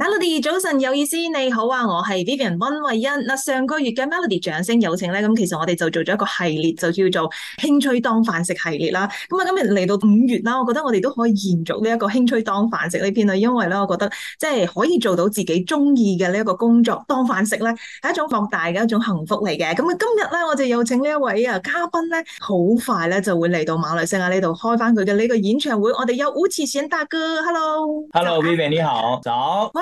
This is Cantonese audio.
Melody 早晨有意思，你好啊，我係 Vivian 溫慧欣。嗱上個月嘅 Melody 掌聲有請咧，咁其實我哋就做咗一個系列，就叫做興趣當飯食系列啦。咁啊，今日嚟到五月啦，我覺得我哋都可以延續呢一個興趣當飯食呢篇啦，因為咧，我覺得即係可以做到自己中意嘅呢一個工作當飯食咧，係一種放大嘅一種幸福嚟嘅。咁啊，今日咧，我就有請呢一位啊嘉賓咧，好快咧就會嚟到馬來西亞呢度開翻佢嘅呢個演唱會。我哋有好似選大哥。Hello，Hello Vivian 你好，早。